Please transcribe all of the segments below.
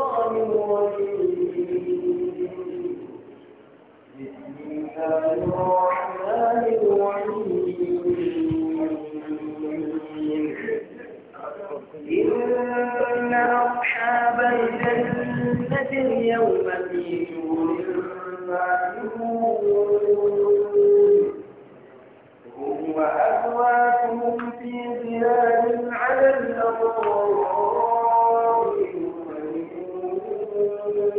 الشيطان الرجيم بسم الله هم وأزواجهم في ظلال على الأرض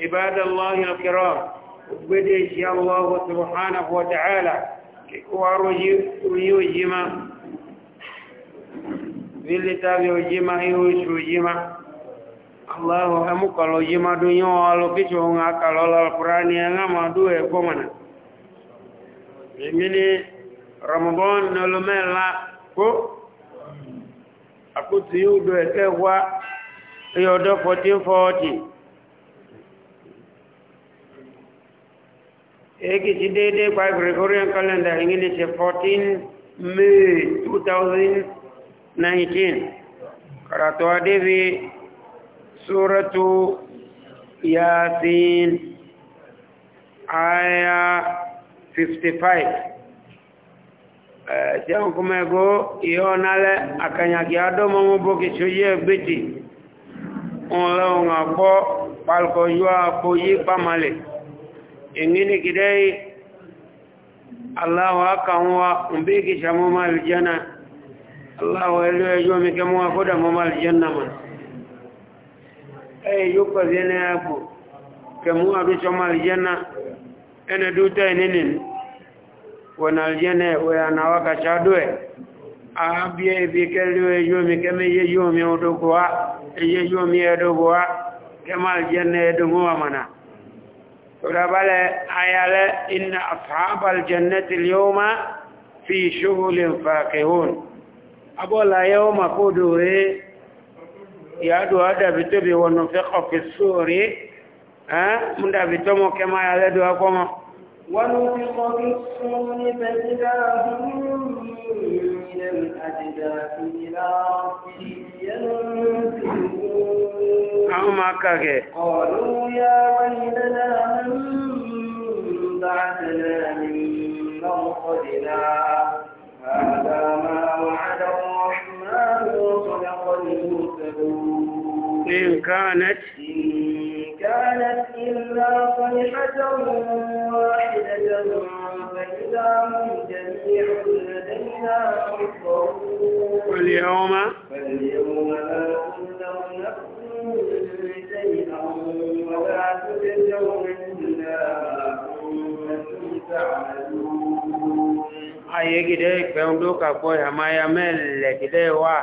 عباد الله الكرام وبدي شاء الله سبحانه وتعالى ويوجما vile tavyojima iwishujima allahu hamukaloyima dunyo alokichonga kalola alqurani yangama duwe komana imini ramadan nolomela ko akutiyudu ekewa iye ọdọ fourteen forty ekiti déédéé pa gregorian calendar ìyẹn ṣe fourteen may two thousand nineteen karatọ́ adébí súrẹ́tù yasin aya fifty five eh, ẹ̀ ṣé wọn kọ́ mẹ́gọ́ ìyọ́ ọ̀nà alẹ́ àkànyàkì adọ́mọ́mọ́ bókè ṣojúẹ́ gbẹ́tì ọlọ́run àpọ́ pàlùkọ̀ yọ àpò yí pàmàlẹ̀ èyí ní kìdẹ́ aláwọ̀ akàwọn wa ń bí kì sàmọ́mà alìjánà aláwọ̀ ẹlú ẹjọ́ mi kẹmọ́ akọ́dà mọ́mà alìjánà mọ̀ ẹ̀yẹ yóò pẹ̀lú ẹni àpò kẹmọ́ àdúsọmà alìjánà ẹni dútẹ́ nínú wọn ibi kẹlú ẹjọ́ mi kẹmẹ́ yẹ yóò mi ọdọ́kọ̀ wa eye yomi edogoa kemal jenne edungowa mana rabale ayale inna ashabal jannati alyawma fi shughulin faqihun abola yawma kudure yadu ada bitobi wono fiqa fi suri eh munda bitomo kema yale do akomo ونفق في الصور فإذا هم من الأجداث إلى ربهم ينسلون قالوا يا ويلنا من بعثنا من مرقدنا هذا ما وعد الرحمن وصدق المرسلون إن كانت إن كانت إلا صيحة واحدة فإذا هم جميع فاليوم فاليوم لا تظلم نفس شيئا ولا تجزون إلا ما كنتم تعملون ayé gidẹ ìpẹun tó kàpọ̀ àmáyà mẹ́lẹ̀ gidẹ wà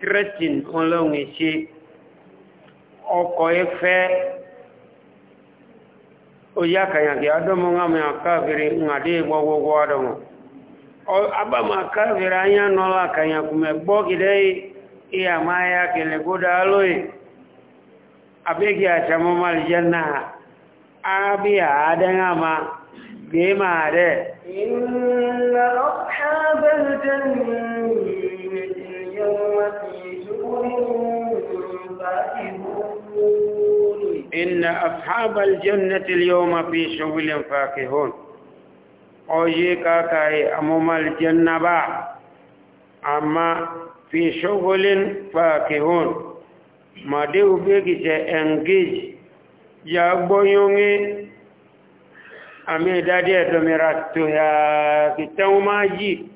tírẹ́tìn ọlọ́run ìṣe ọkọ̀ ẹfẹ́ oyákàyànkì adọ́mọ́ àmì àkáàkiri ń àdé gbogbogbò adọ́mọ́ abamaka vere anya nọla ka ya kumegboogide ịya ma ya kelegoda alụghị abịghị achamụmalijanna abịa adịghị ama bee ma adị إن أصحاب الجنة اليوم في شغل فاكهون oye kakai amumal jannaba amma fi shugulin fakihun ma dé ube gise engage ya gboyonye àmì ìdádé ẹ̀dọ̀mìrà tó yà kìtẹ́wọ́n máa yìí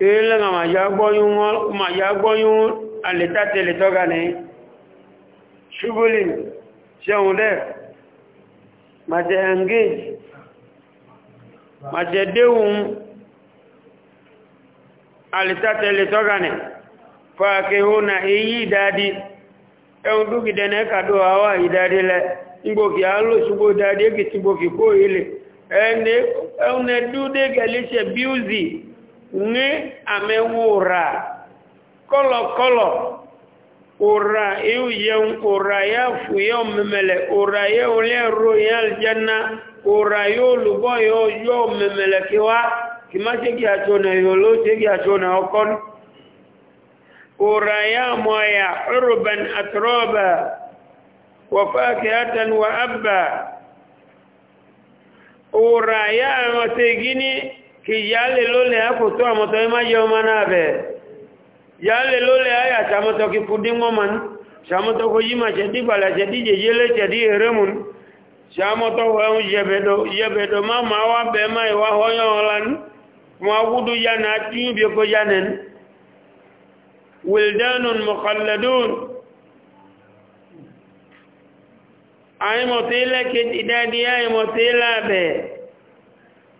ilẹ̀ ma ya gbọ́yún alẹ́tàtẹ̀lẹ̀ tọ́gà ní ṣubulin ṣeun ma ti engage majadewum alitatele togane fakihuna iyi idadi ẹun dúkì dẹnẹ kàdó àwà ìdádé lẹ ngbòkì alóṣùgbò dáadé kì tí gbòkì kó ilé ẹun ẹdúdé gẹ̀lẹ́ṣẹ̀ bíúzì ní àmẹ́wò rà kọ́lọ̀kọ́lọ̀ ora eu yeu ora ya fu yeu memele ora yeu le royal janna ora yo lubo yo yo memele kiwa kimase ki atona yo lo se ki atona okon ora ya moya urban atroba wa fakihatan wa abba ora ya mategini ki yale lo le akoto amoto ma yo manabe yale lole aya chamoto kifudin moman chamoto ko yima chedi bala chedi jejele chedi eremun chamoto wa yebedo yebedo mama wa bema wa hoyo lan mawudu yana timbe ko yanen wildanun mukhalladun ay motela ke idadi ay motela be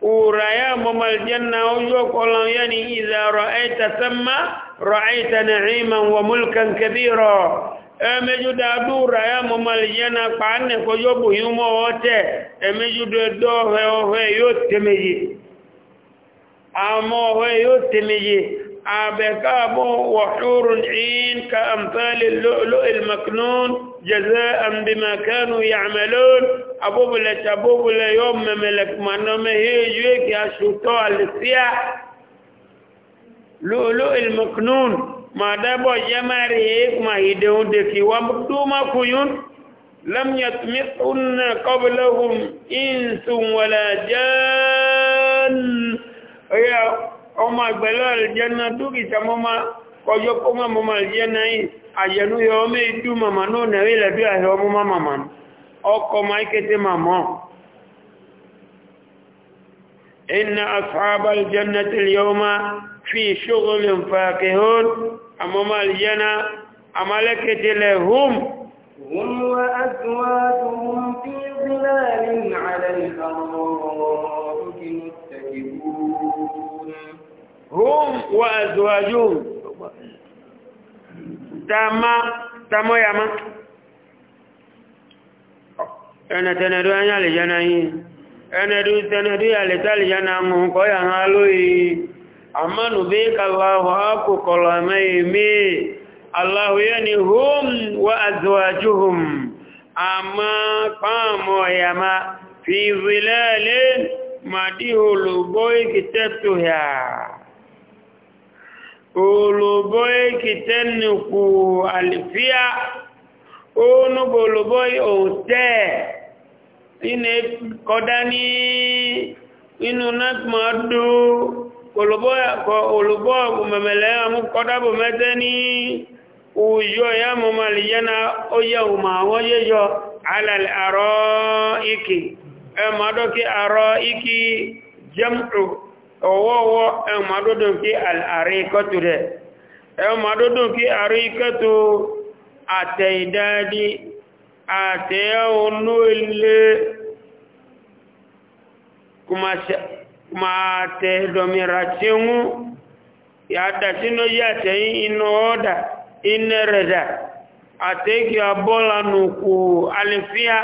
uraya momal janna uyo kolon yani idha ra'aita thamma رأيت نعيما وملكا كبيرا ẹmẹ́jú dáadú ráyá mọ́mọ́ ìyẹ́nà pàánẹ̀ kọjọ́ bù yí mọ́ ọ́tẹ́ ẹmẹ́jú dẹ́dọ́ ọ̀hẹ́ ọ̀hẹ́ yóò tẹ́mẹ́yẹ àmọ́ ọ̀hẹ́ yóò tẹ́mẹ́yẹ àbẹ̀káàbọ̀ wọ̀húrùn ìyín ka àmfẹ́lẹ̀ lóìlmọ̀knún jẹ́zẹ́ àmbìmọ̀kẹ́nu yàmẹ́lón abóbulẹ̀ tàbóbulẹ̀ yóò mẹ́mẹ́lẹ̀ lulu ilmuknun madabo jamari ma ideun de ki wa mutuma kuyun lam yatmithunna qablahum insun wala jan ya oma gbelo aljanna dugi samoma kojo kuma mama aljanna yi ajanu yo me du mama no na wela du ayo mama mama oko maikete mama إن أصحاب الجنة اليوم في شغل فاكهون أمام الجنة أملكة لهم هم وأزواجهم في ظلال على الأرض متكئون هم وأزواجهم تما تما يا ما أنا تنادوا أنا ẹnẹ̀dú tẹnẹ̀dú àlẹ́tàlì yánà mọ̀ kọ́ yà hàn lóyí àmọ́nù bí kàláwọ̀ ákùkọ̀lọ̀ mẹ́ẹ̀mí aláwòyẹ́ ni hóm wà àzọ̀wàjúhùm àmọ́ pàmọ̀ ẹ̀yàmá fi ìrìnlẹ́ẹ̀lẹ́ màdí olùgbọ́ nínú kọ́dá ní inú náà dó olùbọ́ mẹ̀mẹ̀lẹ́ àmú kọ́dábò mẹ́tẹ́ ní òyò ya mọ̀ màlìyànà ó yẹ òmà àwọn yẹyọ alàlẹ̀ àrọ́ ikì ẹmàdókí àrọ́ ikì jẹ́mù ọwọ́wọ́ ẹmàdódókí àrí kọ́tù rẹ̀ ẹmàdódókí àrí kọ́tù àtẹ̀ìdádi àtẹ́ onú ilé kuma tẹ́ dọmira tí ń yàdá sínú yà tẹ́yìn inú ọ́dà inú rẹ̀dà àtẹ́kì abọ́lá nùkú alifíà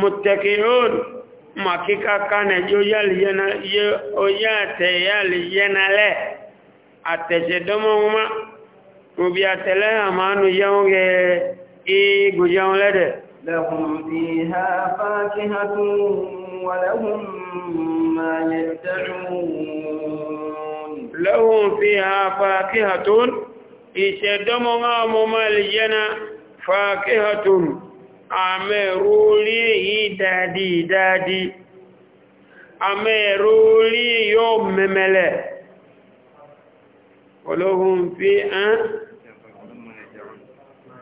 mùtẹ̀kìhún màkíká kánẹ̀jẹ́ oyá àtẹ́yà lè yẹnalẹ́ àtẹ̀ṣẹ̀dọ́mọ́ wọn mú bí àtẹ́lẹ́ àmánú yẹun gẹ̀ẹ́ egbò jẹun lẹ́dẹ̀ lẹ́kùn bí i ha fáàkí ha tún wà lẹ́hùn máa yẹ lẹ́hùn fi ha fáàkí ha tún ìṣẹ̀dọ́mọ́ máa mọ́ máa lè yóò mẹ́mẹ́lẹ̀ olóhun fi hàn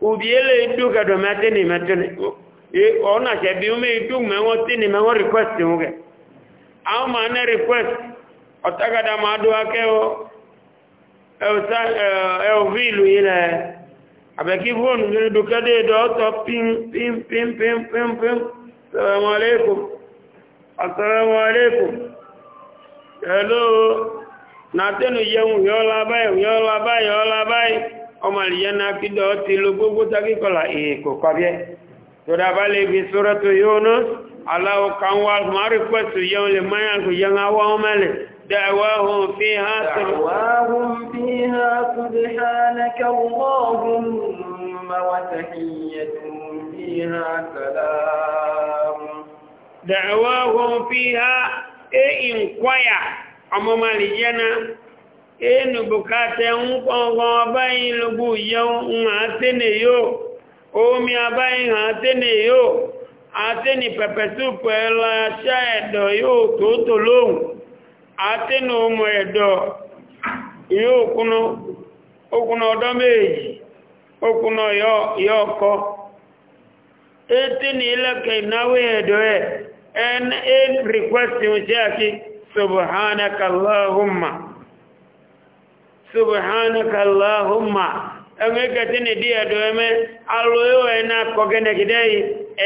ubiele duka do matini matini e ona che bi ume du me won tini me won request unge aw ma na request otaga da madu ake o e o sa e o e vilu ile abeki won ni duka de do to pim pim pim pim pim pim assalamu alaikum assalamu alaikum hello na tenu yeun yo la bai yo la bai yo la bai ọmọ ìyẹnà kídọ̀ ti lo gbogbo takíkọlà èèkò kọbẹ́ tó dábá lè fi sọ́rọ̀ tó yóò ná aláwọ̀ kan wá máa rí pẹ̀sù yẹun lè máyà yẹn awọ́ mẹ́lẹ̀ دعواهم فيها دعواهم فيها سبحانك اللهم وتحيتهم فيها سلام دعواهم فيها إن قويا أمام enu bukata nkpọngọ abaghị lugbu yo nhatene yo omi abaghị nhatene ni ateni pepesupu elacha edo yo totolon ateni ụmụ edo yo okunu ọdọ meji okunu yo ọkọ eteni ileke inawe edo e en request ṣe aki subhanaka allahumma ẹ̀mí kẹtìní dí ẹ̀dọ̀ ẹ̀mẹ́ alóyò ẹ̀nà kọ̀gẹ́nẹ̀kìdẹ́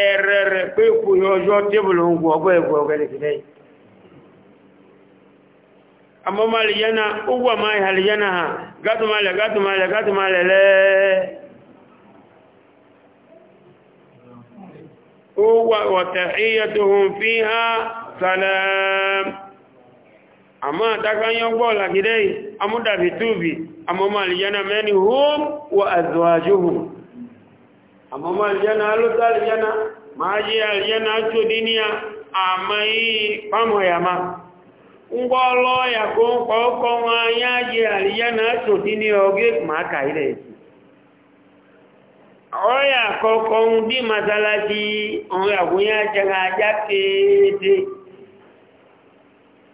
ẹ̀rẹ̀ rẹ̀ pé kù yọjọ́ tébùlù ń gbọ́ ọgbọ́ ẹ̀gbọ́ ọgẹ́nẹ̀kìdẹ́ ha amma atakayan bola gidai amuda vitubi amma malijana meni hum wa azwajuhum amma malijana aluta alijana maji alijana atu dunia amai pamoja ma ngolo ya konko konwa yaji alijana atu dunia oge maka oya kokon di masalati oya kunya jaga jate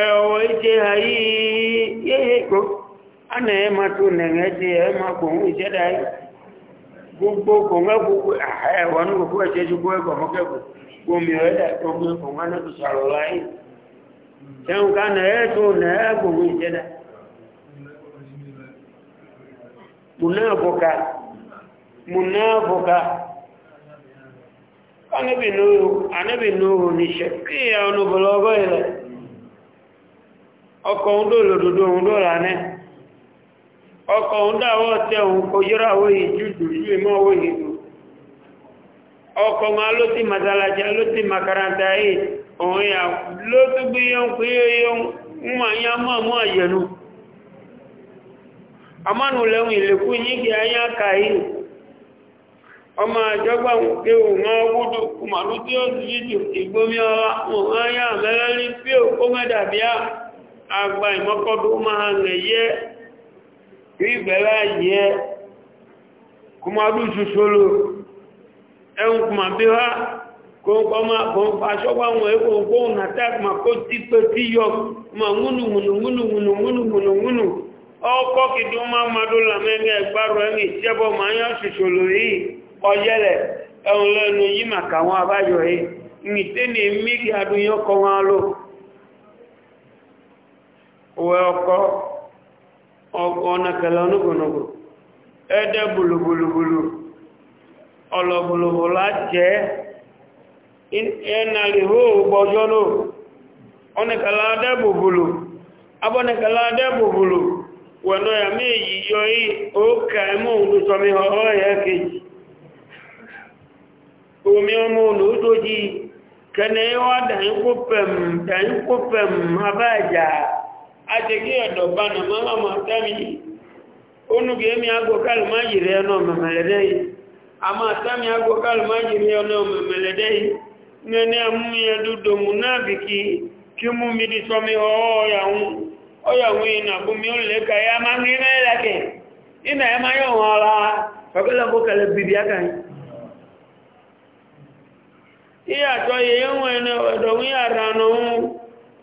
ẹ̀wọ̀ ìṣe ayé yéhe kó a nà ẹ máa tó nẹ̀rẹ̀ ṣe ẹ máa kò ń ìṣẹ́dá yìí gbogbo kò ń gbogbo gbogbo ẹ̀ṣẹ́ ju gbogbo ṣe kí ọ̀nà bọ̀lọ́gọ́ ọkọ̀ ń dòlò dòdò òun dòlà ní ọkọ̀ ń dáwọ́ tẹ òun kòjúra owó ìjúdù yú ìmọ̀ owó ìlú ọkọ̀ ma ló ti màtàlàjá ló ti makaranta yìí ló tó gbé yóò pé yóò mọ̀ ya mọ̀ amánu ayá yìí ọmọ àjọgbà pé òun kùmàlú tí ó ti ìgbómi ọlá òun ayá agba ìmọ́kọ́dú máa nẹ̀yẹ́ ìbẹ̀rẹ̀ ayẹ́ kọmọdún ṣoṣolo ẹun kùmà bí wá kọmọ̀pàṣọ́gbàwọn ẹgbọ̀n àtàkùmà kó tí pé tí yọ ma múnù múnù múnù múnù múnù múnù múnù ọkọ́ kìdí ó máa máa dólà mẹ́rin ẹgbàrọ̀ ẹ̀rìn ìṣẹ́bọ̀ máa yán uwe ọkọ ọ̀nàkẹ̀lẹ̀ onúgbònúgbò ẹ̀dẹ́ gbùlùgbùlùgbùlù ọ̀lọ̀gbùlùgbùlù àjẹ́ ẹ̀nàlìhó gbọ́jọ́ náà ọ̀nàkẹ̀lẹ̀ adẹ́gbùgbùlù abọ́nàkẹ̀lẹ̀ adẹ́gbùgbùlù wẹ̀nà yàmí èyí yọ yí ó kàímọ̀ òun sọmi ọ̀rọ̀ ẹ̀yẹ kejì omi ọmọ òun ó tó jí kẹ́nẹ̀ẹ́ wá dàínkù pẹ̀m àtẹ̀kí ọ̀dọ̀ bá nà mọ́ ọmọ tẹ́mi onúgbé mi agbókálù a máa tẹ́mi agbókálù yiri yìí rẹ̀ ọ̀nà mẹ̀mẹ̀lẹ̀dẹ́ náà bì kí kí mú mi di sọmi ọ̀ọ́yàwó ka ya máa ń rí mẹ́lẹ̀kẹ̀ ìnà ẹ máa yọ̀ wọn ọ̀la ọ̀kẹ́lẹ̀ bókẹ́lẹ̀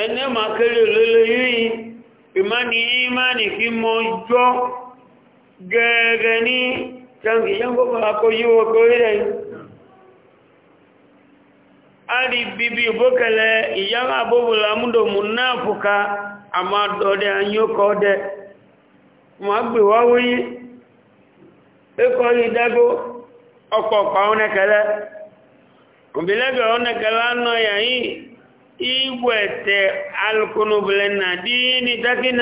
ẹni ma kéré lélẹ̀ yìí ìmáni ìmáni fi mọ jọ gẹ́gẹ́ ní ṣàǹkì ṣàǹkókò àkóyí ọkọ̀ a ari bibi bókẹlẹ ìyára àbóbùlà múdòmù náà fòká àmà dọ̀dẹ àyókọ̀ ọdẹ ma gbè wá wóyí ẹkọ̀ ìdágó ọ̀pọ̀pọ̀ ọ̀nẹ́kẹ̀lẹ́ òbílẹ́gbẹ̀ ọ̀nẹ́kẹ̀lẹ́ anọ́ yà yìí igwete alkunubule na dini kpali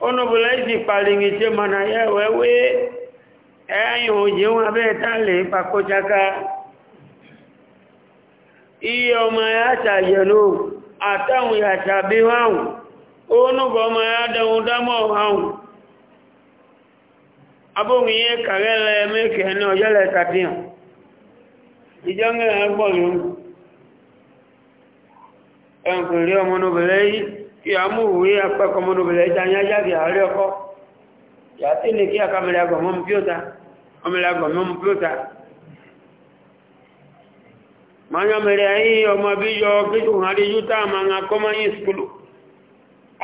onubule isi palingi se e, mana ya wewe ẹ̀yìn òjì wọn abẹ́ tààlè pàkójáká iye ọmọ àtàyẹ̀lò àtàwọn ka wáhùn onúbọ̀ ọmọ àdẹ̀hùn dámọ̀ wáhùn abóhùnyẹ kàrẹ́lẹ̀ mẹ́kẹ̀ẹ́ ẹnkùnrí ọmọnubẹ̀rẹ̀ yìí kí a mú ìwé apẹ́kọ̀ ọmọnubẹ̀rẹ̀ ìtanyájáde àárẹ́ ọkọ́ yàtí ní kí akámẹ́lẹ̀ agọ̀mọ́mù píọ́ta ọmọlẹ̀ agọ̀mọ́mù píọ́ta manyamẹ̀rẹ̀ ayé ọmọ bí yọ kíjù hàrí yúta ma ń akọ́mọ́yìn skulu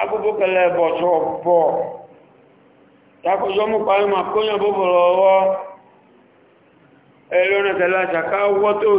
agbóbókẹlẹ̀ bọ̀tọ̀ bọ̀ takọjọ́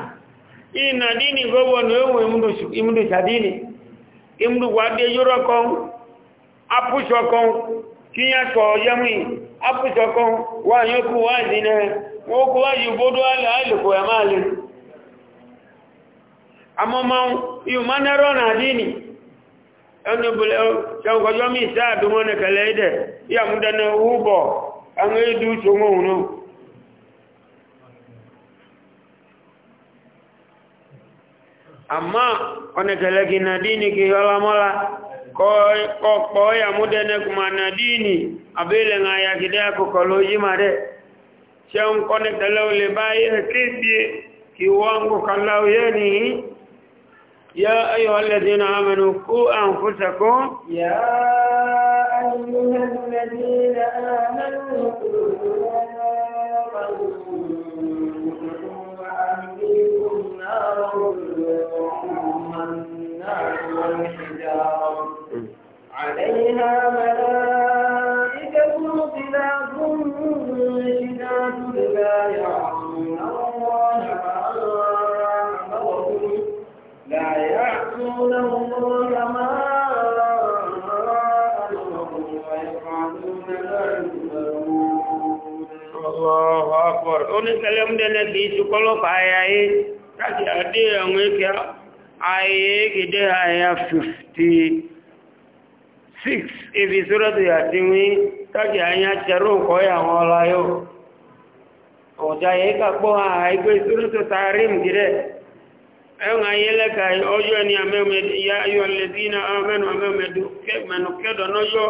ina dini gobo no ewe imdu imdu shadini imdu wade yoro kon kan kon kinya ko yami apusho kon wa yoku wa zine wo ko wa yubodo ala ala ko yamale na dini amma onekeleki na dini kihola mola ko ya mudene kuma na dini abele nga ya kidea kukoloji mare shem kone kalau lebaye kibye kiwango kalau yeni يا أيها الذين آمنوا قوا أنفسكم يا أيها الذين آمنوا قوا أنفسكم وأهليكم نارا عَلَيْهَا حِجَارَةٌ عَلَيْهَا مَلَائِكَةٌ غِلَاظٌ شِدَادٌ لَّا يَعْصُونَ اللَّهَ مَا أَمَرَهُمْ لَا يَعْصُونَ اللَّهَ مَا أَمَرَهُمْ وَيَفْعَلُونَ مَا يُؤْمَرُونَ الله أكبر. أنا سلام دلنا في سكولو فايا إيه. تاتي أدي أمي كيا ayé gidi àyà 56 ibi sórọ́dù àti wí tọ́jì àyà tẹ̀rù ǹkọ́ àwọn ọlá yóò ọ̀dá ayé kàpọ̀ àìgbé sórọ́dù tààrín gidi ẹ̀wọ̀n ayé lẹ́ka ọjọ́ ni ayọ̀ lẹ́bínà amẹ́nu amẹ́mẹ́dù kẹ́mẹ́nu kẹ́dọ̀ lọ́jọ́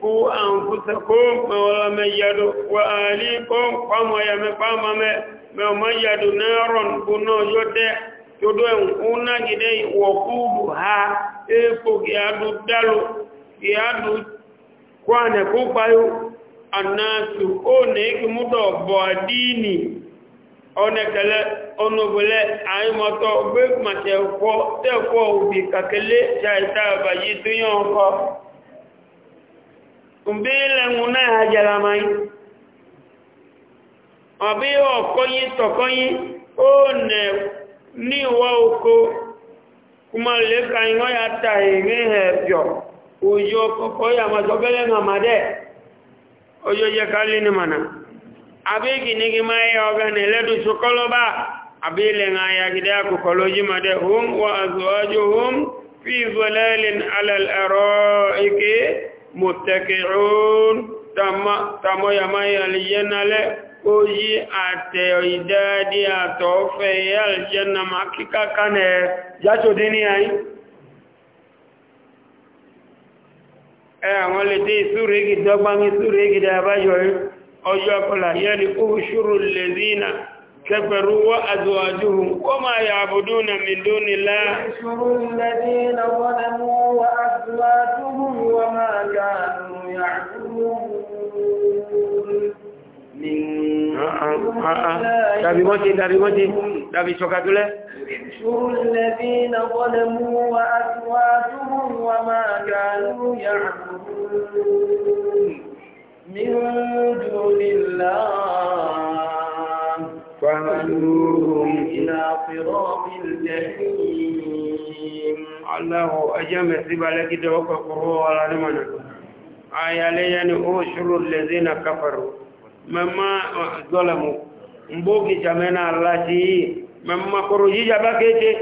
kú àǹfúsẹ̀kó mẹ́wọ́lá mẹ́yàdó wà àlíkọ́ pàmọ́ ya mẹ́pàmọ́ mẹ́ mẹ́wọ́ mẹ́yàdó todo una gide wakudu ha epo giadu dalo giadu kwane kupayo anasu o one iki mudo bodini one kele ono bole ayi moto be ma te ko te ko ubi kakele jaita ba yiduyon ko umbele nguna hajala mai abi o koyin to o one ní ìwọ́ oko kúmọ̀ lè káyíwọ́ yà ta ìrìn ẹ̀pọ̀ òyí ọkọ̀kọ́ yà máa jọ bẹ́lẹ̀ náà máa dẹ̀ ojú ojú ẹka lè ní mọ̀nà àbígì ní kí máa yà ọgá ní ẹlẹ́dùsù kọlọ́bà àbílẹ̀ ààyàgídẹ́ oyi àtẹ̀ ìdáadé àtọ̀ ọ̀fẹ́ ìyá àlìjẹ́nà máa kíká kánẹ̀ jásòdé ní ayé ẹ àwọn lè dé ìsúrégì dọ́gbámi ìsúrégì dábájọ́ ọjọ́ ọkọlà yẹ́lì oṣùrù lèzínà كفروا وأزواجهم وما يعبدون من دون الله يحشروا الذين ظلموا وأزواجهم dabi mochi dabi mochi dabi choka tule الذين ظلموا وأزواجهم وما كانوا يعبدون من دون الله فهدوهم إلى صراط الجحيم الله أجمع سبالك دوك قروه ولا نمنا آية لي أن أوشر الذين كفروا مما ظلموا mbogi jamena allati mamma kuruji jabakete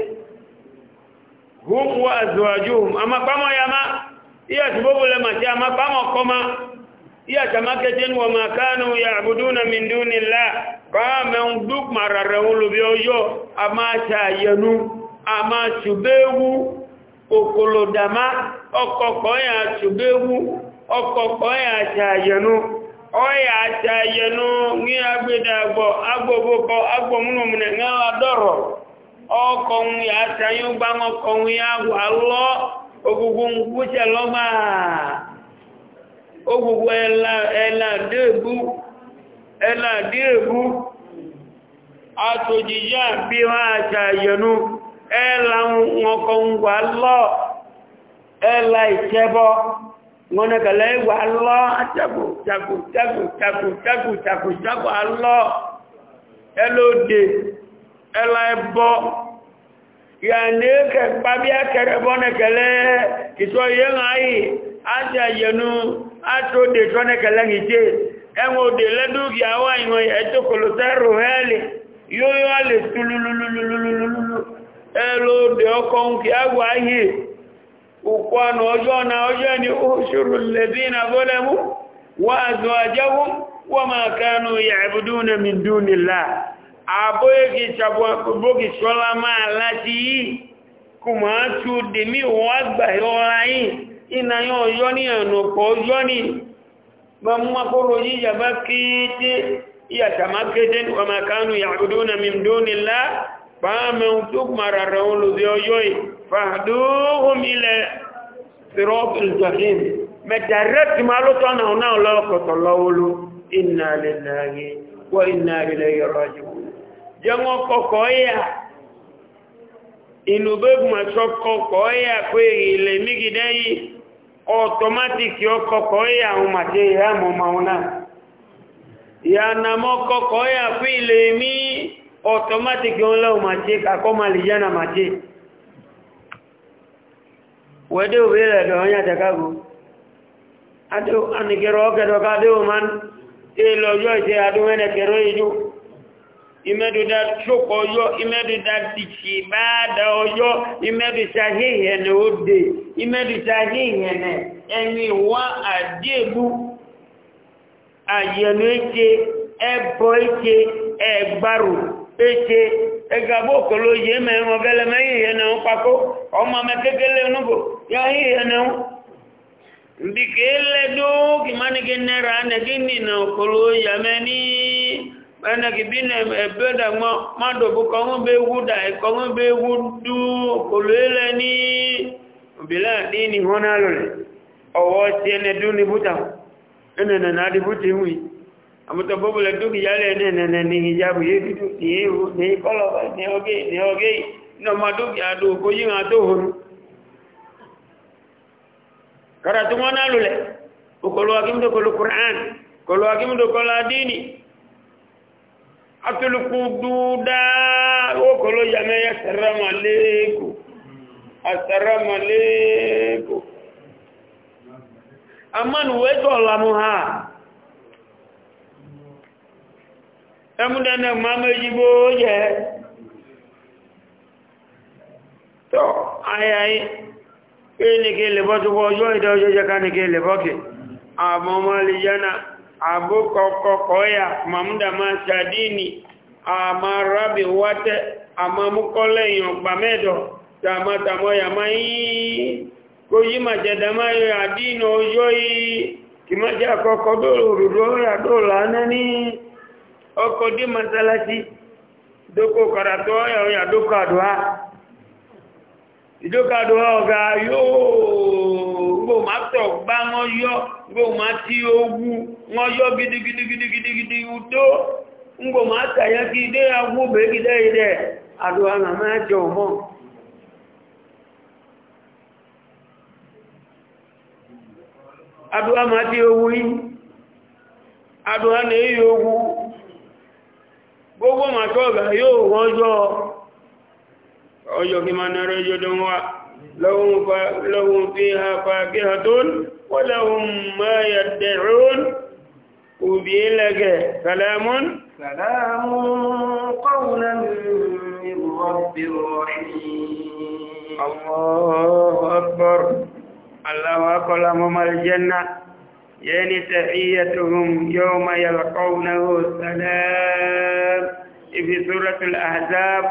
hum wa azwajuhum ama kama yama iya sababu la machama kama koma iya tamaketen wa makanu ya'buduna min dunillah kama nduk mararulu biojo ama cha yanu ama chubewu okolodama okoko ya chubewu okoko ya cha yanu ọya acha yẹnu ní agbede agbo agbo boko agbo munumune ngi adoro ọkọ nwi acha yu gbanwo ko nwi agwo alo ogugu ngwuche loma ogugu ela bi ngona kala ewa Allah chaku chaku ya neke babia kerebone kele kiso yengai aja yenu ato ukwano ojona ojeni ushuru alladhina zalamu wa azwajahum wama kanu ya'buduna min dunillah aboye kichabwa bogi solama lati kuma tu demi wagba yorai ina yo yoni no ko yoni mamma koro yija bakiti ya tamaketen wama fàdúhùn ilẹ̀ sírọ́bù ìjọ̀hìn mẹ́dàrẹ́tì máa ló tọ́nà náà lọ́pọ̀tọ̀ lọ́wọ́lú iná lẹ́nàáyé inú ilẹ̀ yìí mọ́ mí ọ̀tọ́mátìkì ma wede ubele do nya takagu adu anikero ke do ka do man ilo yo je adu mene kero iju imedu da choko yo imedu da tichi bada oyo imedu sahihi ne ode imedu sahihi ne eni wa adebu ayenu eche egbaru ete egabo okolo yi eme ŋɔ ge le me yiye ne ŋu kpako ɔma me keke le nu ya yiye na ŋu mbi ke le do kimani ke nera ne ke ni ne okolo yame ni ene ke bi na ebe da ŋɔ ma do bo kɔŋu be wu da kɔŋu be wu du okolo ye ni obila ni ni hɔn alo le ɔwɔ tie ne du ni buta ene na na buti ŋui. amuta bobo le duki yale ne ne ne ni hijabu ye du ti u ne kolo ne oge ne oge no ma duki adu ko yin adu hun kara tu mona lule o kolo akim do kolo qur'an kolo akim do kolo adini atul qududa o kolo yame assalamu alaykum assalamu alaykum aman wejo lamuha ẹmúdẹ́nà máa méjì bó yẹ tó ayayi kéèkéè lèbọ́ tó bọ́ ọjọ́ ìdá ọjọ́ jẹ́ káníkéè lèbọ́kè àmọ́mọ́lìyànà àbúkọ̀kọ̀kọ̀ọ́yà mamúdàmá sàdíni àmàrábì wátẹ́ àmàmúkọ́lẹ̀yìn ọgbà mẹ́dọ̀ tàmátàmọ́yà máa yìí kò yí màjẹ̀dàmá yóò àdínà ọjọ́ yìí ọkọ̀ dé masalasi dókò kàràtọ́ ọ̀yà ọ̀yà dókò àdúrà ìdókò àdúrà ọ̀gá yóò gbò má tọ̀ gbá wọ́n yọ́ kí agbó màmá jẹ ọmọ tí yí èyí gbogbo màtọ́ ọ̀gá yóò rọ́jọ́ ọjọ́ kí máa náà rẹ́jọ́ dán wá lọ́wọ́n fi ha fa kí ha tó wọ́láwọ́n máa yà dẹ̀rún òbí lẹ́gẹ̀ salamun Allahu akbar Allahu akbar lamu mal يعني تحيتهم يوم يلقونه السلام في سورة الأحزاب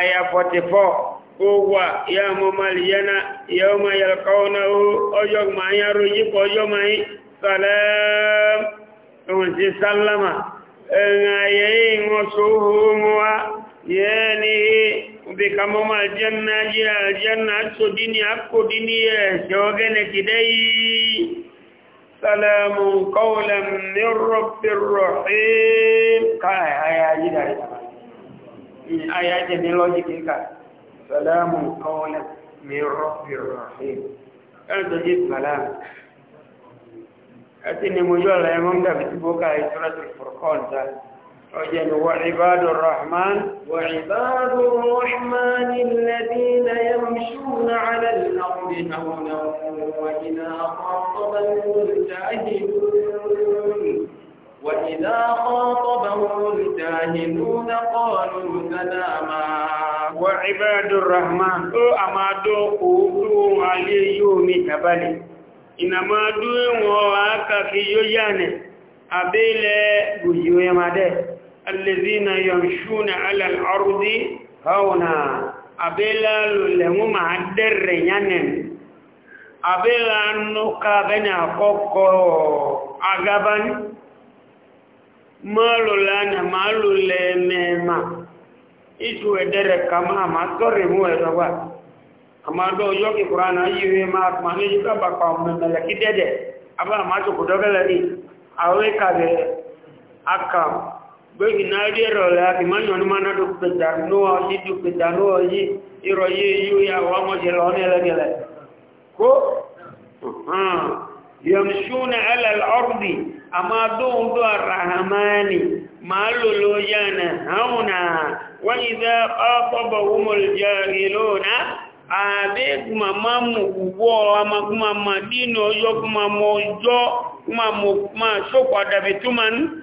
آية 44 هو يوم ملينا يوم يلقونه أجوك ما يرجيك أجوك ما سلام ونسي سلم أغايين وصوهم يعني بكم الجنة الجنة سديني أكو ديني شوغنك دي سلام قولا من رب الرحيم كاي هيا جدا آيات من لوجيك سلام قولا من رب الرحيم أنت جيت سلام أتني مجوال يا ممدى بتبوكا سورة الفرقان ذلك أجل وعباد الرحمن وعباد الرحمن الذين يمشون على الأرض هونا وإذا خاطبهم الجاهلون وإذا خاطبهم الجاهلون قالوا سلاما وعباد الرحمن أو أما دوقوا عليه يوم كبالي إنما دوقوا أكا في يوجانه أبيل بجوه مده الذين يمشون على الأرض هونا أبلا لهم عدر ينن أبلا نقابنا فوقه أغبا مالو لنا مالو لمما إتو درك كما ما ترمو يتوقع أما دو يوكي قرآن أيوه ما أكماني يتوقع بقى من ملكي ديدي أبلا ما تقدر لدي أولي كذي أكام bẹ́ẹ̀ náà rí ẹ̀rọ rẹ̀ àkìmọ́yàn ní máa dùkùtà náà yí dùkùtà náà yí ìrọ̀ yí yíó yà wọ́n mọ́jẹ̀ lọ ní ẹlẹ́gẹ̀lẹ̀ kó yọmṣúnà alàlọ́rùdì a máa dóhun dó àràhàmáni máa lòlò yánà hàúnà wọ́n ìdá ọ́pọ̀bọ̀ wúmọ̀lùjẹ́rìlónà àbẹ́kùnmà máa mú wọ́ amakùnmà máa dínà ọjọ́ kùnmà mọ́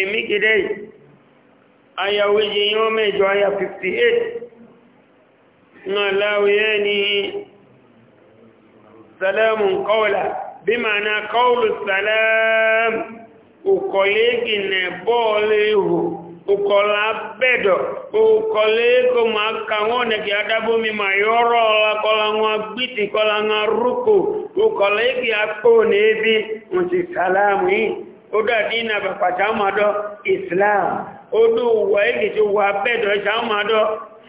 èmi kìdẹ́ yìí ayàwó yìí yọ́ mẹ́jọ ayà 58 náà láwẹ́ ní salamun kọ́ọ̀lá bí ma na kọ́ọ̀lù salam ukọ̀lẹ́gì nẹ bọ́ọ̀lẹ́ ihò ukọ̀lá bẹ́dọ̀ ukọ̀lẹ́gò ma kàwọn nẹ̀kì adábómi ma yọ́rọ̀ ọlákọ́lá wọn gbítì kọ́lá wọn rúkò odò àdínà bàpàtà ọmọdọ́ islam odò wà èdè tí wà bẹ́ẹ̀dọ̀ ẹ̀ṣà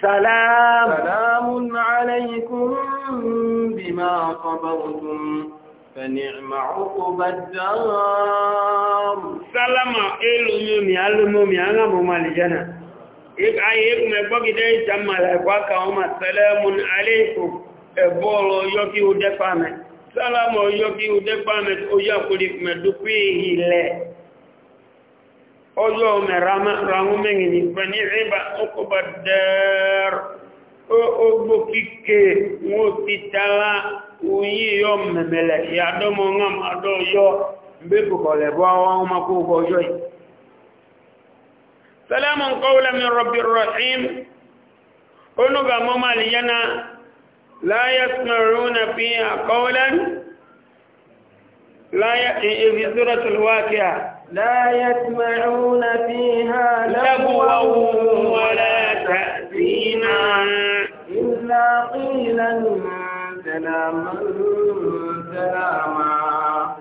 salam salamun alaykum bima sabartum fani'ma uqbaddar salama elumu mi alumu mi angamu malijana ik aye kuma gbogide jamal akwa e ka o ma salamun alaykum ebolo yoki sálàmù ọyọ́ kí udẹ́pá ojú àkúrí mẹ́dúkú ìhìlẹ̀ ọjọ́ mẹ́ràún mẹ́rin ní pẹ̀lú ríbà ọkọ̀bà dẹ́rù ogbó kíkè wọ́n ti tààlá yọ mẹ̀mẹ̀lẹ̀ ìyàdọ́mọ̀ ọ̀nàm لا يسمعون فيها قولا لا ي... إيه، إيه، في سورة الواقعة لا يسمعون فيها لغوا ولا تأثيما إلا قيلا سلاما سلاما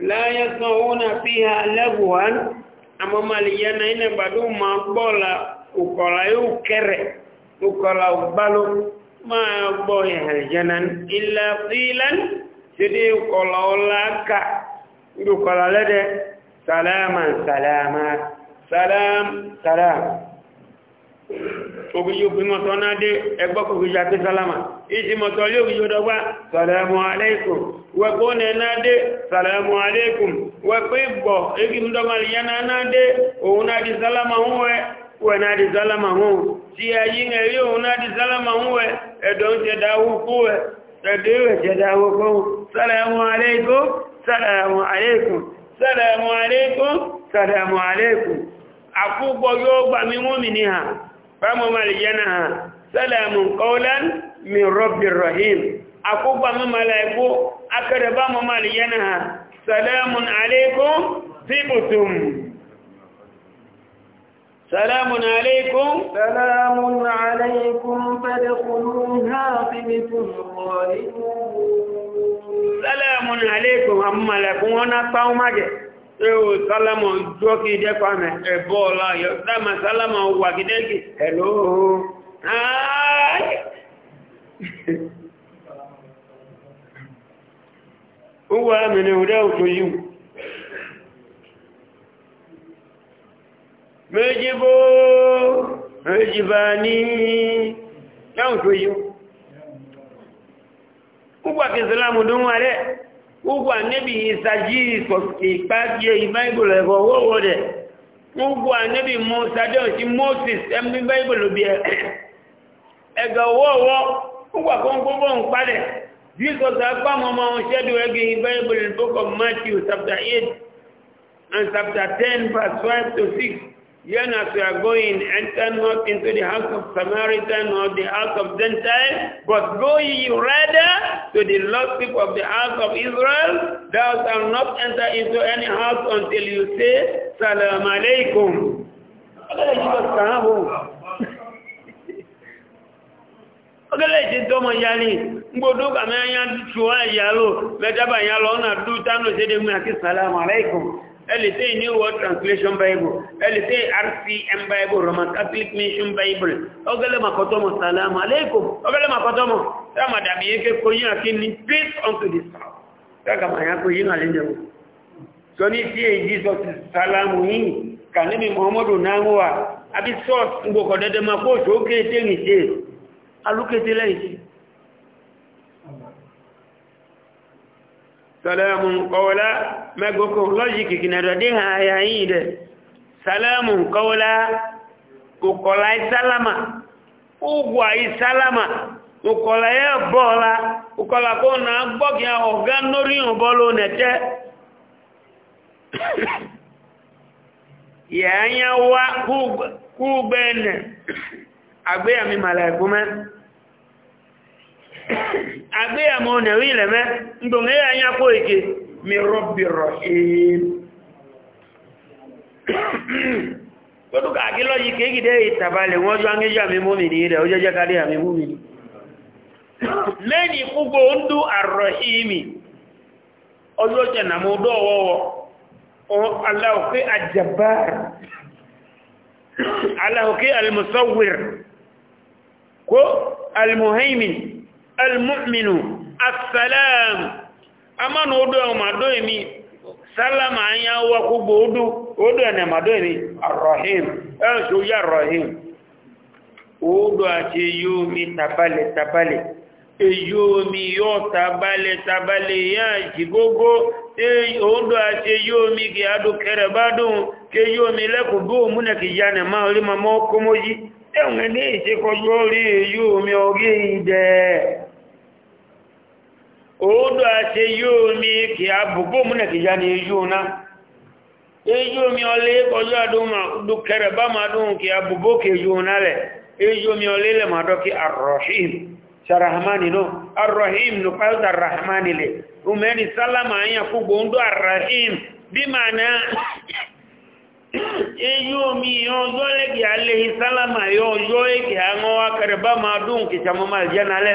لا يسمعون فيها لغوا أما ماليانا إن بدو ما بولا وقلا كره وقلا وبالو Ma gbọ́ ìhẹ̀jẹ̀nà ilẹ̀ fílẹ̀n tí dí kọlọ̀ ọláka ìdúkọlọ̀ lẹ́dẹ̀ sàlámà sàlámà sàlám sàlám ògùn yóò fi mọ́tọ́ náà dé ẹgbọ́kùnkùn ìjà pé sàlámà ìsì mọ́tọ́ yóò yóò dọ́gbá sàlámù aléìkùn wẹ́pọ̀ ní náà dé wẹ̀ náà di sálámà hùn tí ayé ń ẹ̀rí òun náà di sálámà hùn wẹ̀ ẹ̀dọ̀ ń jẹ̀dá wúkú wẹ̀ ẹ̀dọ̀ ń jẹ̀dá wúkú sálámù aléìkún sálámù aléìkún sálámù aléìkún sálámù aléìkún àkúgbọ́ yóò gbà mí mú mi سلام عليكم سلام عليكم فادخلوها طبكم خالدون سلام عليكم أما لكم هنا Ewu sálámà ojú ọkì ìdẹ́kọ̀ àmì ẹ̀bọ́ ọ̀la yọ dáma wà Hello. Ó wà mẹ́rin òdẹ́ òtò yìí. méjìbó méjìbá ní yáhùn tó yíó ugbà kí ìsìlámù dún wà rẹ̀ ugbà níbi ìsàjí ìpàgé ìbáìbòlò ẹ̀kọ́ wọ́wọ́ rẹ̀ ugbà níbi mọ́sádẹ́ òsì moses ẹmí báìbòlò bí ẹgbẹ̀ wọ́wọ́ ugbà kó ń gbogbo ń parẹ̀ jesus agbámọ́mọ́ ṣẹ́dù ẹgbẹ̀ ìbáìbòlò book of matthew chapter 8 and chapter 10 verse 5 to 6 Then as you are going, enter not into the house of Samaritan or the house of Gentile, but go ye rather to the lost people of the house of Israel. Thou shalt not enter into any house until you say, Salam alaikum. ogele ti dọmọ yali ngbodo kàmẹ́ ya tuwa yalo mẹ́tàbà yalo ọ̀nà dúta nù sí dẹ́gbẹ́ àti salamu alaikum elekere new world translation bible elekere rcm bible roman catholic mission bible ogele m akpọtọ m salamu ogele m akpọtọ mọrụ chọọ madame Ihe kweghị akwụ ịnụ n'agbanyeghị chọọ chọọ aga m anya akụkụ ịnụ n'ale ndị amụrụ chọọ onye isi eji ọtụtụ salamu ịịnụ ka n'oge mmụọ mmụọ duw na so ha abisọs mgbọ okporo dị dị mụ salamun kọwọla magoko logic kinado de haya ide salamun qawla ukola salama ugwa salama ukola ya e bola ukola ko na gbogi ogan nori obolo nete ya nya wa agbe ya ma ọ na-enwe ileme ndụ na ya anya kwuo ike mirọbirọ gbọdọ ka agị lọ yike egide ìtàbalẹ̀ wọ́n jọ angéjọ àmì múmi ní rẹ̀ ó jẹ́jẹ́ kárí ya múmi ní lẹ́ni púpọ̀ ndú àrọ̀ ìmì ọjọ́ jẹ́ nà almusawir almu'minu assalam amanu odo amado emi salama anya wa kugbo odo odo ene amado emi arrahim el so ya arrahim odo ati yomi tabale tabale eyomi yo tabale tabale ya jigogo e odo ati yomi ki adu kerebadun ke yomi leku bo muna ki jane ma ori mama okomoji ẹ̀wọ̀n ní ìṣẹ́kọjú orí èyí omi ọgé ìdẹ̀ẹ́ odo ase yomi ki abugo muna ki jani yuna eyomi ole kojo aduma du kereba madun ki abugo ki yuna le eyomi ole le madoki arrahim sarahmani no arrahim no qala arrahmani le umeni salama anya ku gondo arrahim bimana eyomi ojo le ki alayhi salama yo yo ki anwa kereba madun ki chamama jana le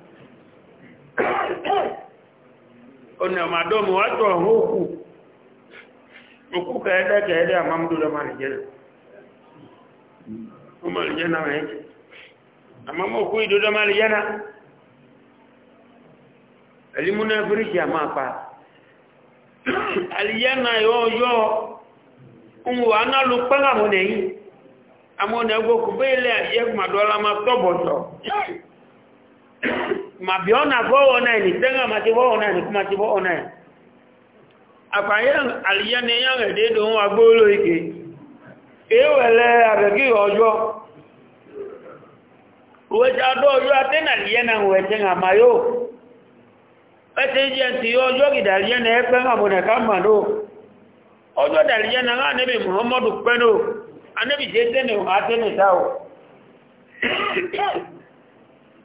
ọ̀nà àmàdọ́mù wájọ́ ọ̀hún òkú òkú kẹ́ẹ̀dẹ́ kẹ́ẹ̀dẹ́ àmàmúdúdọ́ máa nìjẹ́ náà àmàmú òkú ìdúdọ́ máa nìjẹ́ náà ẹ̀límúná fíríkì àmàpá àlìyẹ́nà yọ́ òunwà náà ló pẹ́lá mọ́ nẹ̀yìn àmọ́ nẹ̀gbọ́kù bẹ́ẹ̀lẹ̀ àṣẹ́gbàdọ́lá máa tọ́bọ̀tọ̀ mabiona go ona ni tenga matibo ona ni kuma tibo ona apayan ike ewele abegi ojo we do ojo atena aliyana we tenga mayo ete je ti ojo gidaliyana e pe ma bona kama ojo nabi muhammadu peno anabi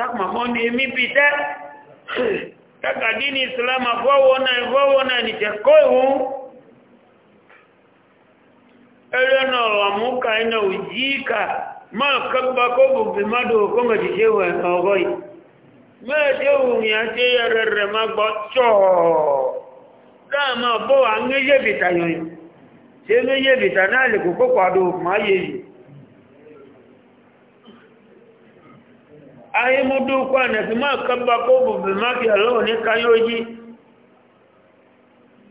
takuma moni mipita kaka dini islam afo afo wona, islama vowona vowona nichakoyu elena muka ina ujika ma kabba ko bugbi mado ko ngaji shewa ogoi ma jewu ni ase yarere ma gbocho dama bo angeje bitayo se meje bitana le kokoko ado ma yeyi ayé mú dúkọ́ ànẹ̀sí máa kọba kó bùbù mákì àlọ́wọ̀ ní káyójí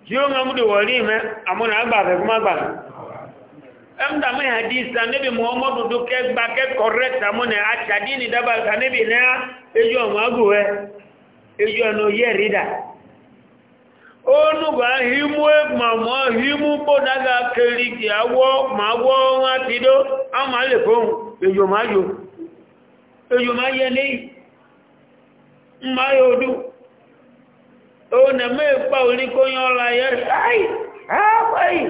tí ó máa múdò wọ̀rí mẹ́ àmúnà agbàfẹ́ fún agbà ẹmdàmú ìhàdísà níbi mọ́mọ́dúdú kẹgbà kẹkọrẹ́tà múnà àṣàdí ní dábàkà níbi náà ejú ọmọ ejú rídà èjò eyo ma yẹ ní mma yọ odu o na me pa ori ko yan ọla yẹ ai ai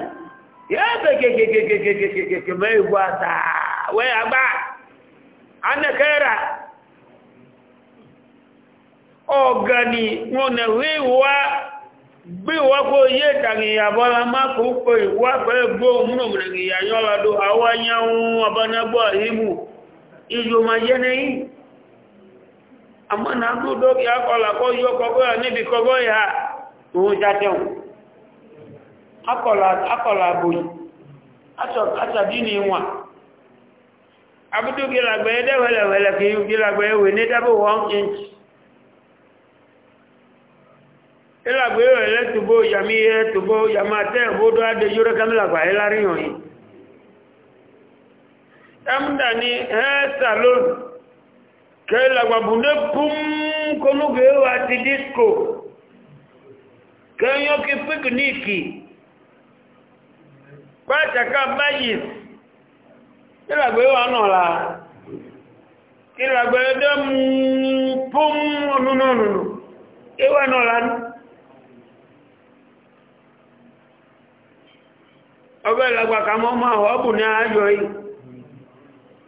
yẹ bẹ kekekekekekeke me ewu ata wẹ agba anakẹra ọgani wọn na wí wá bí wọ́n kó yé ìtàgìyàbọ́ la má kó ìyọ̀mà yẹnẹ yìí àmọ́ náà tó dókì akọ̀là kọ́ yọ níbi kọ́kọ́ ya òun jàjẹun akọ̀là àbòyì aṣàdínì wọn kì í ní dábò one inch ìlàgbẹ̀ẹ́ wẹ̀lẹ̀ tùbó yàmí adé amda ni hair salon kela gbagbunde pum konuge ti disco kẹyàn kí píkìníkì pàtàkà báyìí kí làgbé wà náà kí làgbé dé mú ìwà náà ní ọgbẹ́ máa ní yìí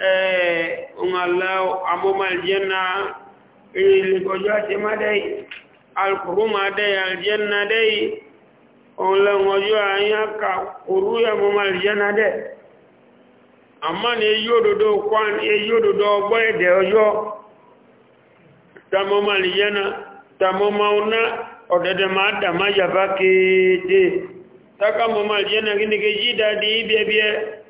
eh ngalao amomal janna ili kojo atema dai alquruma dai aljanna dai ola ngojo ayaka uruya momal janna dai amma ne yododo kwan e yododo gbede oyo tamomal janna tamomauna odede ma dama yabaki ti taka momal janna gindi ke jida di bebe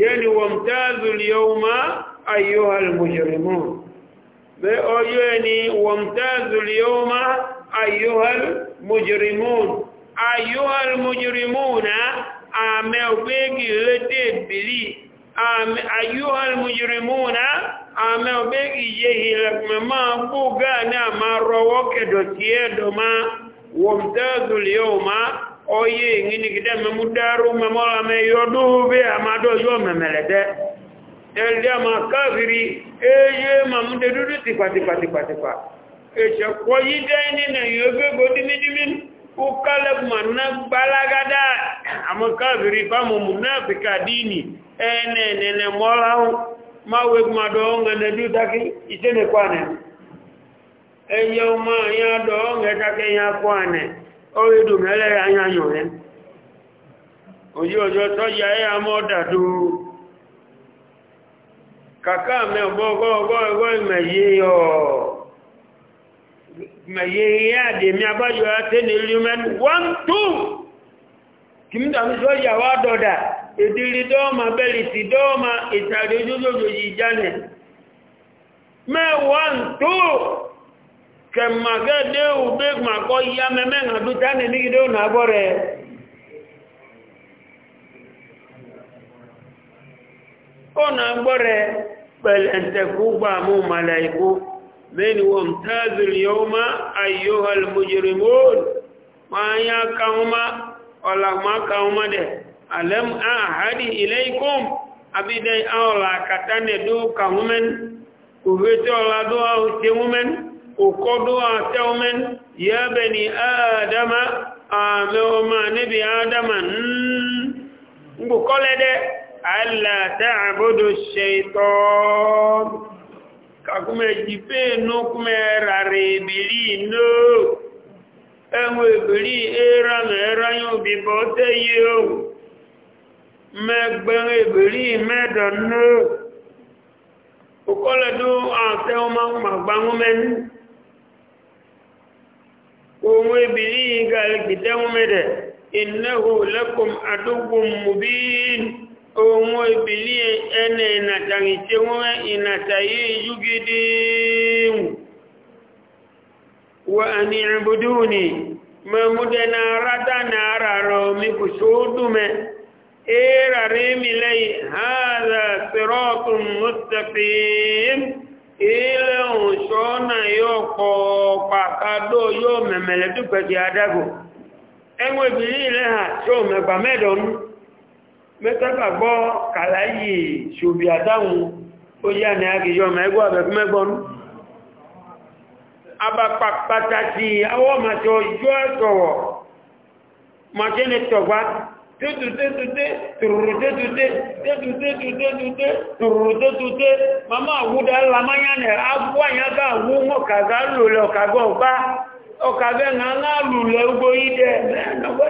yẹni wọ̀mtáàzù liyọ́má ayyóhal mùsùlùmù bẹ́ ọjọ́ ẹni wọ̀mtáàzù liyọ́má ayyóhal mùsùlùmù ayyóhal mùsùlùmù na àmẹ́ ọgbẹ́gì lẹ́tẹ̀ bìlì ayyóhal mùsùlùmù na àmẹ́ ọgbẹ́gì yẹ ìlẹ̀kùnmọ́ búgá náà máa oye ngini kide memudaru memola me yoduve amado yo memelede elia makaviri eye mamde dudu tipati pati pati pa eche koyi deni na yoge godimi dimin ukale manna balagada amakaviri pa mumunafika dini ene nene mola mawe madonga na dudaki itene kwane enyo ma ya donga takenya kwane e orí dùn mẹ́lẹ́ ayáyàn rẹ̀ òyí ọjọ́ tó yà ẹ́ àmọ́ dàdú kàkà mẹ́ ọgbọ́gbọ́gbọ́ ìmẹ̀yẹ yẹ́ àdèmí abájọ́ àtẹ́nì rí mẹ́nu wọ́n tún kí mú dàmí tó yà wá dọ̀dà ìdírí dọ́ọ̀mà bẹ́lì sí dọ́ọ̀mà ìtàrí ojúlójò yìí jánẹ̀ mẹ́wọ́n tún kẹmà gẹ́gẹ́ òdó ìgbà kọ́ yá mẹ́mẹ́ àdó tánì ní ìdó na rẹ̀ ó nàgbọ́ rẹ̀ pẹ̀lẹ̀ntẹ̀kú gbà mú màláìkú mẹ́ni wọ́n tààzìrì yóò má ayyóhal mujirimun máa yá káwọ́má ọlàmá káwọ́má dẹ̀ alẹ́m àhàdì ilẹ̀ ikọ́m abídẹ́ àwọn làkàtà ụkọdụ atọmen ya beni adama ameoma nebi adama mgbukọlede hmm. ala ta'budu shaitan kakume jipe nukume rari ibili no enwe ibili era na era yi obibo te yi o mẹgbẹ̀rẹ̀ ibili mẹ́dọ̀ no ụkọledu atọmen magbanwumen òun ebìrí ìgbà ìgbìtẹ́wọ́mẹ́dẹ ìnáhù lẹ́kùn àdúgbùn mùbín òun ebìrí ẹnẹ ìnàtàrí tí wọ́n ìnàtàrí yúgidi wà ní ìrìnbùdú ni mẹ́múdẹ náà rádá náà rárọ̀ mi kò ṣóódùmẹ́ rí mi lẹ́yìn hádà sírọ́tùn mustaqim ilé ohun ṣọ́nà yóò pọ̀ pàkádó yóò mẹ̀mẹ̀lẹ̀ dúpẹ̀ ti adágò ẹgbẹ́ ìbìlì ilẹ̀ hàn tí ó mẹ́gbà mẹ́dọ̀nú mẹ́tẹ́gbà gbọ́ kàláyì ṣòbí àdáhùn ó yá ní agìyọ mẹ́gbọ́ dédùdédùdé tòròdédùdé dédùdédùdédùdé tòròdédùdé màmá àwúdá lamányánì agbó àyágá àwú ọ̀kàgá lòlẹ̀ ọ̀kàgá ọ̀gbá ọ̀kàgá ńlá lòlẹ̀ ugbó yídẹ̀ mẹ́rin ọgbọ́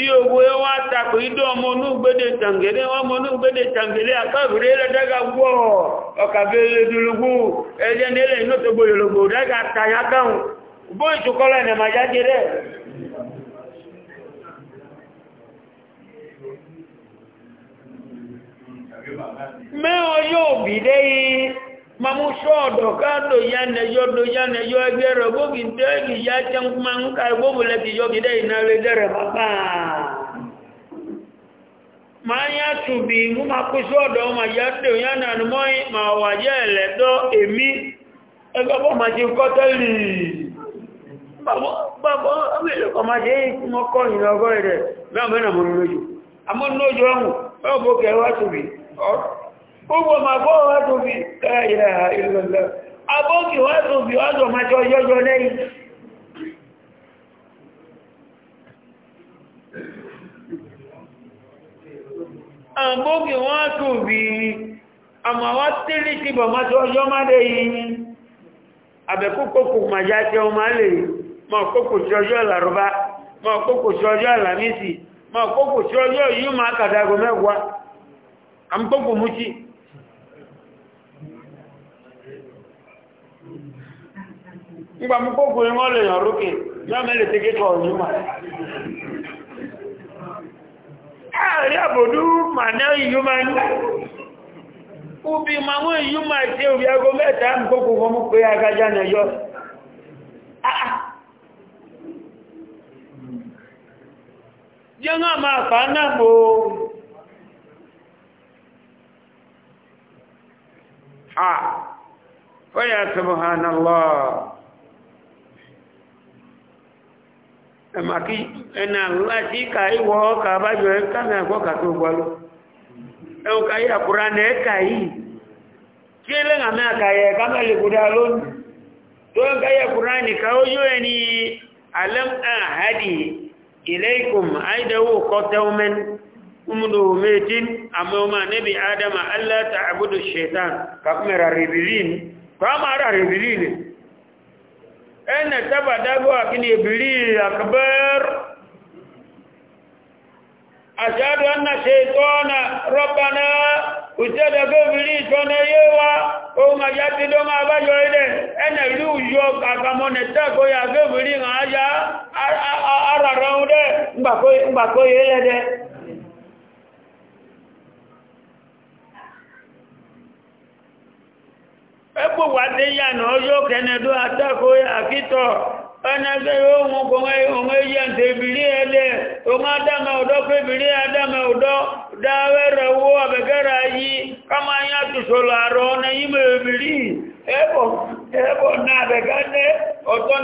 iyo ogwe nwata bụ ido ọmụnụgbede tangele ọmụnụgbede tangele akabiri eledaga gwọ ọkabeledulugwu ede nele n'otogbolologbo daga tanya kanwụ bo ìtukọ́lá ẹ̀nà máa jáde rẹ̀ mẹ́wọ́n yóò bìí mamu shodo kando yane yodo yane yo gero bo gintegi ya chang mang ka bo bula ti yo gide na le gere papa maya tubi mu ma ku shodo ma ya de yana no moi ma wa yele do emi e ga bo ma ji ko tali babo babo ame lo ko ma je ku mo ko ni lo go ire na me na mo nojo amon nojo ngo o bo ke wa tubi gbogbo màbọ́ wá tó fi ẹ̀yà ìlọ̀lọ̀ abọ́kì wá tó fi wá tó máa jọ yọ́yọ́ lẹ́yìn àbọ́kì wá tó fi àmà wá tẹ́lẹ̀ tí bọ̀ máa jọ yọ́ má lè yìí àbẹ̀kókòkò máa já jẹ́ ọmọ lè mọ̀ kókò mú sí nígbà mú kó gbé wọ́n lè rókè yọ́ tí kékọ̀ ọ̀yún ààrí àbòdú ubi ma mú ìyún máa ṣe òbí mẹ́ta ń kókò fún mú pé agajá nà yọ jẹ́ Subhanallah. ẹ̀màkí ẹ̀nà láti ìkà ìwọ̀ ọkà àbájọ ẹ̀kà náà kọ́kà tó gbọ́lú ẹ̀hùn kàí àkùrá nà ẹ̀kà yìí tí ẹlẹ́nà náà kàyẹ̀ ẹ̀kà mẹ́lẹ̀ kò dá lónìí tó ń kàí àkùrá nìkà ó yóò ẹni alẹ́m àhádì ilẹ̀ ikùn àìdẹ̀wò kọ́tẹ́wọ́mẹ́n ene tabadago akini iblis akbar ashadu anna shaitana rabbana usadago iblis ona yewa o ma ya ti do ma ba yo ile ene lu yo akamo ne ta ya ya dị ẹkpọ wà dé yà nà ọjọ́ kẹnẹdó àtàkó àkítọ̀ ẹnẹgbẹ́ ohun ohun èyàn tẹ ìbìlí ẹlẹ́ ohun adáma ọ̀dọ́ pé ìbìlí adáma ọ̀dọ́ dáwẹ́rẹ̀ owó àbẹ̀gẹ́rẹ̀ ayí káma yá tùsọ làárọ̀ ọ̀nà yímẹ̀ ìbìlí ẹbọ̀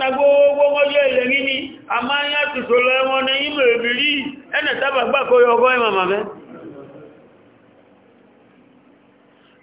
na gbogbo ọjọ́ ilẹ̀ níní àmáyá tùsọ làárọ̀ ọ̀nà yímẹ̀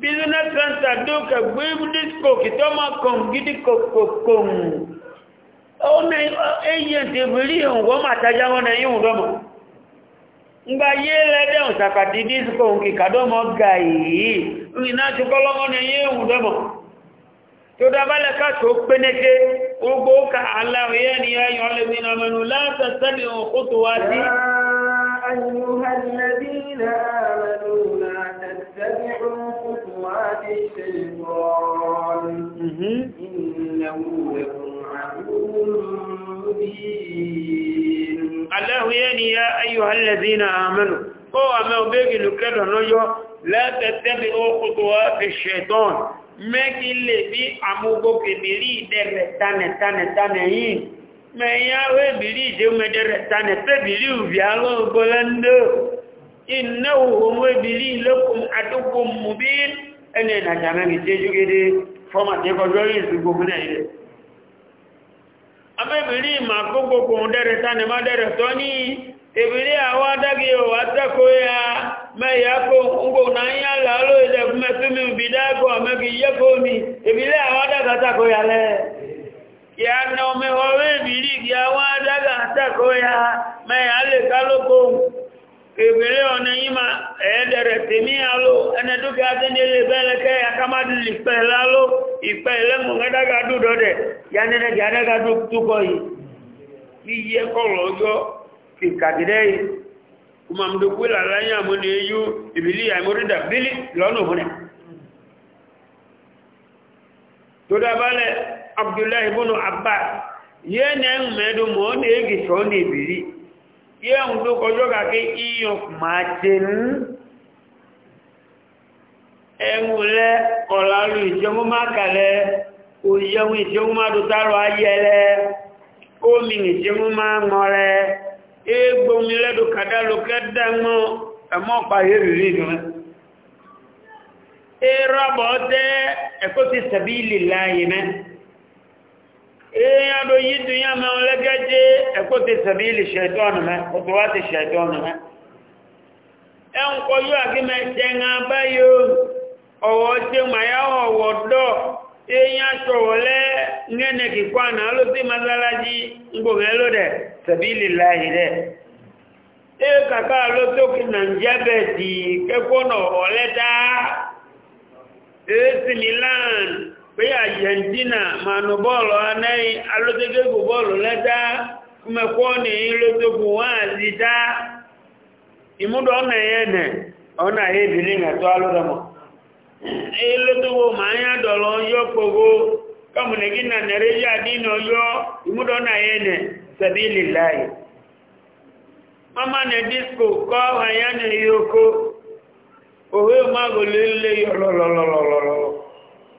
business transfer duka gbé disco kìtọ́ kom. gidi kòkòkòm ó ní eyín tèbìlì wọ́n máa tajà wọn náà yíhùn lọ́mọ ngba yé lẹ́dẹ̀hùn sàkàtì disco kìkàdọ́mọ gà ìrìnà tó dábálẹ̀ ka na الشيطان إنه لكم عدو مبين الله يعني يا أيها الذين آمنوا هو أما بيجي نكره نجو لا تتبعوا خطوات الشيطان mẹ́kí lè bí àmúgbò kèbìrí ìdẹ̀rẹ̀ tánẹ̀tánẹ̀tánẹ̀ yìí mẹ́yàwó ìbìrí ìdẹ́mẹ́dẹ̀rẹ̀ tánẹ̀tẹ́bìrí ìbí alóògbọ́lẹ́ndó ìnáwó òun ìbìrí lókùn àdúgbò mùbí ẹni ìnàjà mẹ́rin tí éjú gédé fọ́mà tí kọjọ́ rí ìsúgbò fún tani má dẹ̀rẹ̀ tọ́ ní ìbìrí àwọn ya mẹ́yà kó ńgbò náà ń yá làálò ilẹ̀ fún mẹ́fúnmi ìbìdágọ́ mẹ́kì yẹ́kọ́ mi ìbìrí àwọn ya lẹ́ kí a nà ọmọ ìwọ̀wé ìbìrí kí àwọn adága tẹ́kọ ya mẹ́yà lè kálókòó ebere ọ̀nà yí ma ẹ̀ẹ́dẹ̀rẹ̀ tèmí àlò ẹni dúkẹ́ àtẹ́lẹ̀ bẹ́ẹ̀lẹ́kẹ́ àkámádìlì pẹ̀lá ló ìpẹ́ ẹlẹ́mùn ẹ̀dàgàdù dọ́dẹ̀ yanẹ́nẹ́gì adẹ́gàdù túkọ yìí kí yẹ kọ̀lọ̀ ọjọ́ fi kàdìdẹ́ yìí kùmàmùdókú làlàyé àmúni eyú ìbílí àìmọ́rídà bílí lọ́nà òun tó dábálẹ̀ abdullahi ibùnú abbas yẹ́ẹ̀ yẹ́hùn tó kọjọ́ kàkí iyọ̀ máa jẹnú ẹ̀hùn lẹ́ ọ̀làlù ìṣẹ́mú máa kàlẹ̀ òyẹ̀hùn ìṣẹ́mú máa dòtàrọ ayẹ́lẹ́ omi ìṣẹ́mú máa mọ́rẹ égbómi lẹ́dù kàdálókẹ́ dẹ́mọ́ ẹ̀mọ́ pàyẹ rìrì rẹ̀ ẹ̀rọ̀bọ̀ tẹ́ ẹ̀kọ́ ti sàbí ilẹ̀ láyé mẹ́ èèyàn ló yí dúnyà mẹ́rin lẹ́gẹ́dé ẹ̀kọ́ ti sẹ̀bí ilé ṣẹ̀tọ́nù mẹ́ ọ̀tọ̀ wá ti ṣẹ̀tọ́nù mẹ́ ẹ̀hùn kọ yóò àgímẹ̀ jẹ́ngà báyò ọ̀wọ́ tí màyà ọ̀wọ́ dọ̀ èèyàn ọdọ pé argentina manu bọ́ọ̀lù anẹ́yìn alótégégù bọ́ọ̀lù lẹ́dá mẹ́kọ́ ní ilótógún wọ́n àti dá ìmúdọ̀ ọ̀nà ẹ̀yẹnẹ̀ ọ̀nà ayébìnrin àtọ́ alódọ́mọ̀ ilótógún ma ń yàdọ̀lọ yọ pògó kọmùnìkínà nàíjíríà dínà yọ ìmúdọ̀ ọ̀nà ẹ̀yẹnẹ̀ sẹ̀bí lìláyì mama ne disco kọ́ àyánà yóò kó òwe magolo ilé yọ lọ́lọ́lọ́lọ́lọ́lọ́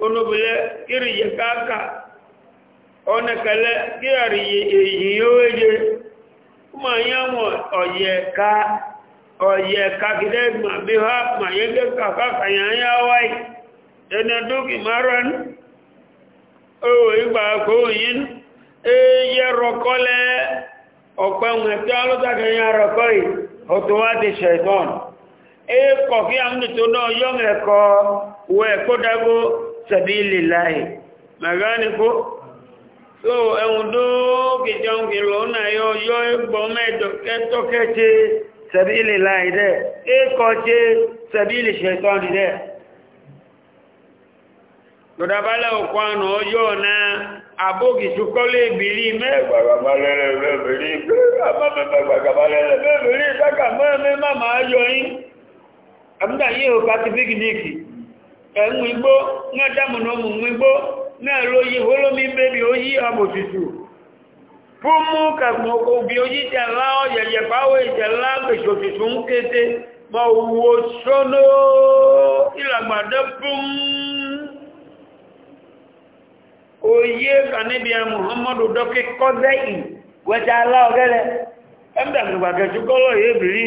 onobile kiri yi kaka onekele kiri ye eyi oye kuma yamu oye ka oye kagide ma biha ma ka kaka ka ya wai ene duki maran o igba ko yin e ye rokole ọ̀pẹ́ ohun ẹ̀tẹ́ yìí kọ̀kí àmì tó náà yọ́ sabilillahi magani ko so ẹ̀hùn tó kìjọun náà yọ yọ ẹgbọ́ mẹ́jọ kẹtọ́kẹ́ ṣe sabilillahi dẹ̀ ẹkọ ṣe sabili shaitan dẹ̀ lọ́dàbálẹ̀ ànà ọjọ́ enwe igbo na-adamu na ụmụ igbo na-ere oyi holomi mmebi oyi abụtutu pụmụ ka obi oyi tela ọya pàwọ̀ ìtẹ̀lá gbèsò tutu ń kété ma owó sọ́nà ìlàgbàdẹ́ pụm oyi kanibia muhammadu a kọ́dẹ́ ì wẹ́ta ya ebiri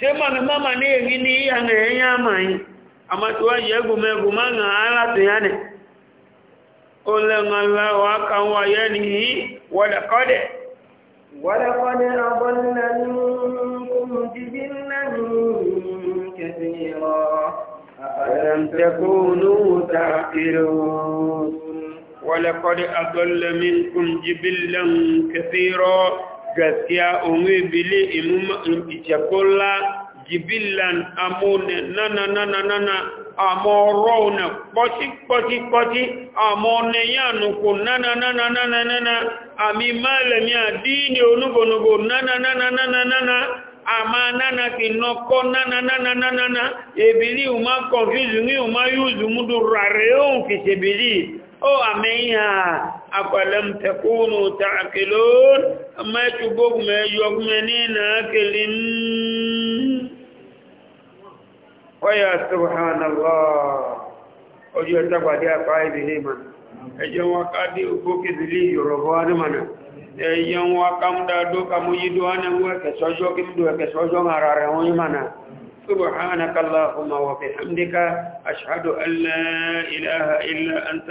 chema na mama ne ngini yana yanyama yi amatuwa yegu megu manga ala tuyane ole ngala waka wa yani wala qade wala qad adalla minkum jibilan kathira afalam takunu taqirun wala qad adalla minkum jibilan gaskiya onwe bile ijakola jibilan amone nana nana nana amorona kpọchi kpọchi kpọchi amone yanuku nana nana nana nana ami malami adini onubonobo nana nana nana nana ama nana kinoko nana nana nana nana ebili uma confuse ni uma use mudu rare on kisebili ó àmẹ́yìn àpàlẹ́m tẹkúnù tààkìlón mẹ́tùgbógún mẹ́yọkúnmẹ́ ní nàákìlì ń wáyà sọ̀hánàlá ojú ẹ̀tàgbàdé àpá ìdílé ma ẹjọ́ wọn ká dé ògbókè ìdílé yorùbá ánìmọ̀nà ẹjọ́ wọn ká mú dáadó ká mú yídó ánìmú ẹ̀kẹ̀sọ́jọ́ kí mú ẹ̀kẹ̀sọ́jọ́ أشهد أن لا إله إلا أنت